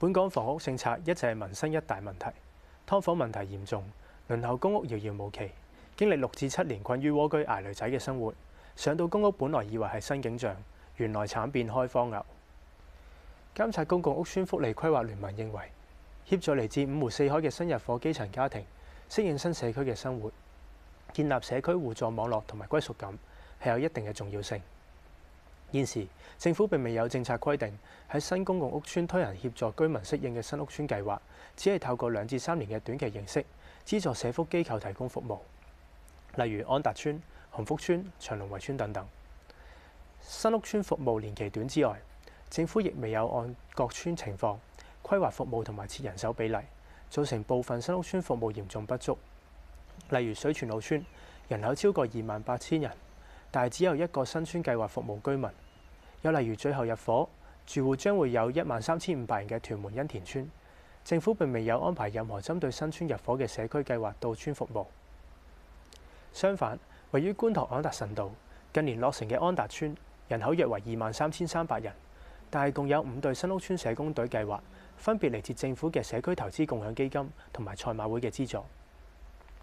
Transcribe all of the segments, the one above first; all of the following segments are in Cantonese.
本港房屋政策一直係民生一大問題，劏房問題嚴重，輪候公屋遙遙無期，經歷六至七年困於蝸居、挨女仔嘅生活，上到公屋本來以為係新景象，原來慘變開荒牛。監察公共屋邨福利規劃聯盟認為，協助嚟自五湖四海嘅新入伙基層家庭適應新社區嘅生活，建立社區互助網絡同埋歸屬感，係有一定嘅重要性。現時政府並未有政策規定喺新公共屋邨推行協助居民適應嘅新屋邨計劃，只係透過兩至三年嘅短期形式，資助社福機構提供服務，例如安達邨、洪福邨、長隆圍邨等等。新屋邨服務年期短之外，政府亦未有按各邨情況規劃服務同埋設人手比例，造成部分新屋邨服務嚴重不足，例如水泉澳邨，人口超過二萬八千人。但係只有一個新邨計劃服務居民，又例如最後入伙，住戶將會有一萬三千五百人嘅屯門恩田邨，政府並未有安排任何針對新邨入伙嘅社區計劃到邨服務。相反，位於觀塘安達臣道近年落成嘅安達邨，人口約為二萬三千三百人，但係共有五對新屋邨社工隊計劃，分別嚟自政府嘅社區投資共享基金同埋賽馬會嘅資助。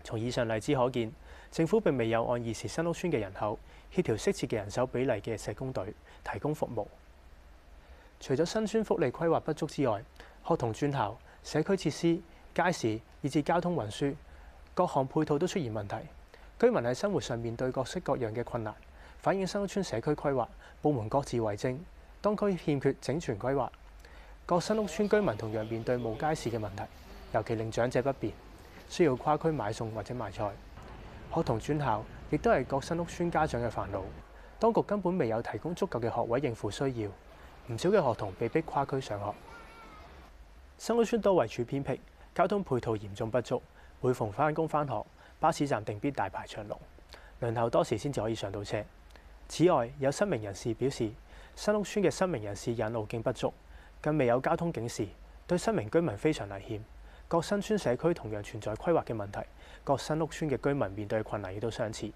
從以上例子可見。政府並未有按現時新屋邨嘅人口協調適切嘅人手比例嘅社工隊提供服務。除咗新邨福利規劃不足之外，學童轉校、社區設施、街市，以至交通運輸各項配套都出現問題。居民喺生活上面對各式各樣嘅困難，反映新屋邨社區規劃部門各自為政，當區欠缺整全規劃。各新屋邨居民同樣面對冇街市嘅問題，尤其令長者不便，需要跨區買餸或者買菜。學童轉校亦都係各新屋邨家長嘅煩惱，當局根本未有提供足夠嘅學位應付需要，唔少嘅學童被迫跨區上學。新屋邨多位處偏僻，交通配套嚴重不足，每逢返工返學，巴士站定必大排長龍，輪候多時先至可以上到車。此外，有失明人士表示，新屋邨嘅失明人士引路徑不足，更未有交通警示，對失明居民非常危險。各新邨社區同樣存在規劃嘅問題，各新屋邨嘅居民面對困難亦都相似，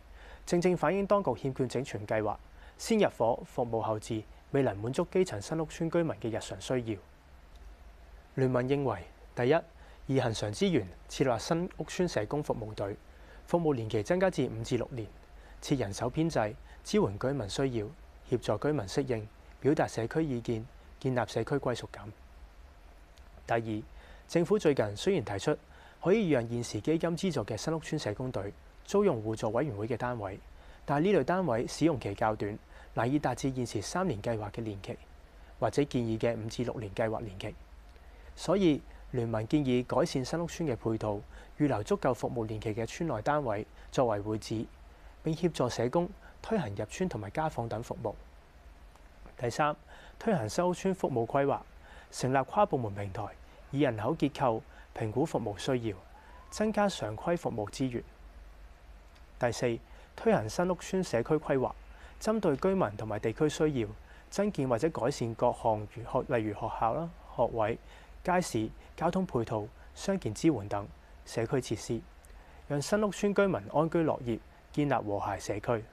正正反映當局欠缺整全計劃，先入伙服務後置，未能滿足基層新屋邨居民嘅日常需要。聯盟認為，第一，以恆常資源設立新屋邨社工服務隊，服務年期增加至五至六年，設人手編制，支援居民需要，協助居民適應，表達社區意見，建立社區歸屬感。第二。政府最近雖然提出可以讓現時基金資助嘅新屋邨社工隊租用互助委員會嘅單位，但係呢類單位使用期較短，難以達至現時三年計劃嘅年期，或者建議嘅五至六年計劃年期。所以聯盟建議改善新屋邨嘅配套，預留足夠服務年期嘅邨內單位作為會址，並協助社工推行入邨同埋家訪等服務。第三，推行新屋邨服務規劃，成立跨部門平台。以人口結構評估服務需要，增加常規服務資源。第四，推行新屋邨社區規劃，針對居民同埋地區需要，增建或者改善各項如例如學校啦、學位、街市、交通配套、傷健支援等社區設施，讓新屋邨居民安居樂業，建立和諧社區。